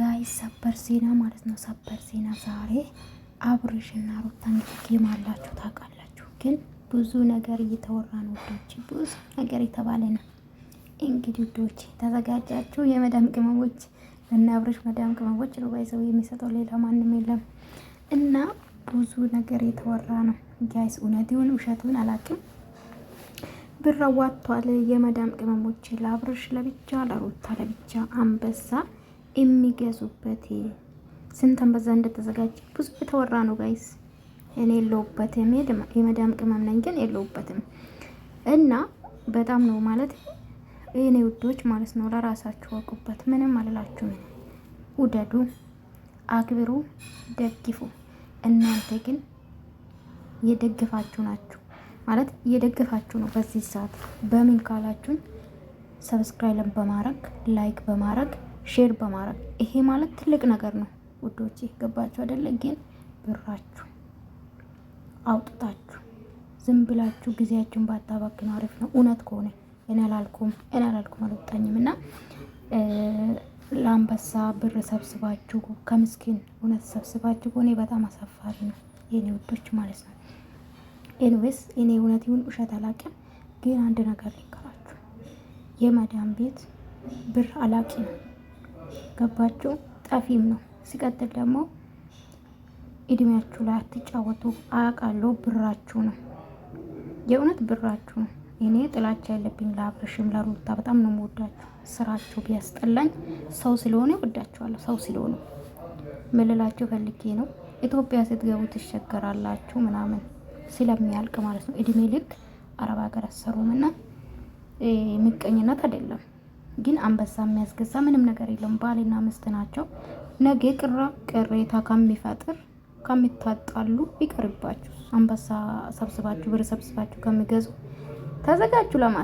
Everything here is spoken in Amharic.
ጋይስ ሰበር ዜና ማለት ነው። ሰበር ዜና ዛሬ እና ሩታ ጌም አላችሁ ታውቃላችሁ፣ ግን ብዙ ነገር እየተወራ ነው ውዶች፣ ብዙ ነገር የተባለ ነው። እንግዲህ ውዶች ተዘጋጃችሁ? የመዳም ቅመሞች እና አብርሽ መዳም ቅመሞች ሩባይ ሰው የሚሰጠው ሌላ ማንም የለም እና ብዙ ነገር የተወራ ነው ጋይስ። እውነቱን ውሸቱን አላውቅም። ብር አዋጥቷል የመዳም ቅመሞች ለአብርሽ ለብቻ ለሩታ ለብቻ አንበሳ የሚገዙበት ስንተን በዛ እንደተዘጋጀ ብዙ የተወራ ነው ጋይስ። እኔ የለውበትም፣ የመዳም ቅመም ነኝ ግን የለውበትም። እና በጣም ነው ማለት የእኔ ውዶች ማለት ነው። ለራሳችሁ ወቁበት። ምንም አልላችሁ። ምን ውደዱ፣ አክብሩ፣ ደግፉ። እናንተ ግን የደግፋችሁ ናችሁ ማለት እየደገፋችሁ ነው። በዚህ ሰዓት በምን ካላችሁን ሰብስክራይብ በማድረግ ላይክ በማድረግ ሼር በማድረግ ይሄ ማለት ትልቅ ነገር ነው ውዶች፣ ይገባችሁ አይደለ? ግን ብራችሁ አውጥታችሁ ዝም ብላችሁ ጊዜያችሁን ባታባክኑ አሪፍ ነው። እውነት ከሆነ እኔ አላልኩም እኔ አላልኩም አልወጣኝም እና ለአንበሳ ብር ሰብስባችሁ ከምስኪን እውነት ሰብስባችሁ እኔ በጣም አሳፋሪ ነው የኔ ውዶች ማለት ነው። ኤንዌስ እኔ እውነት ይሁን ውሸት አላቅም፣ ግን አንድ ነገር ሊከራችሁ የመዳን ቤት ብር አላቂ ነው። ካላስገባችሁ ጠፊም ነው። ሲቀጥል ደግሞ እድሜያችሁ ላይ አትጫወቱ። አውቃለሁ፣ ብራችሁ ነው፣ የእውነት ብራችሁ ነው። እኔ ጥላቻ የለብኝ ለአብርሽም ለሩታ በጣም ነው የምወዳችሁ። ስራችሁ ቢያስጠላኝ ሰው ስለሆነ ወዳችኋለሁ። ሰው ስለሆነ ምልላችሁ ፈልጌ ነው። ኢትዮጵያ ስትገቡ ትሸገራላችሁ ምናምን ስለሚያልቅ ማለት ነው። እድሜ ልክ አረብ ሀገር አሰሩም እና ምቀኝነት አይደለም። ግን አንበሳ የሚያስገዛ ምንም ነገር የለም። ባልና ሚስት ናቸው። ነገ ቅራ ቅሬታ ከሚፈጥር ከሚታጣሉ ቢቀርባችሁ አንበሳ ሰብስባችሁ ብር ሰብስባችሁ ከሚገዙ ተዘጋጁ ለማለት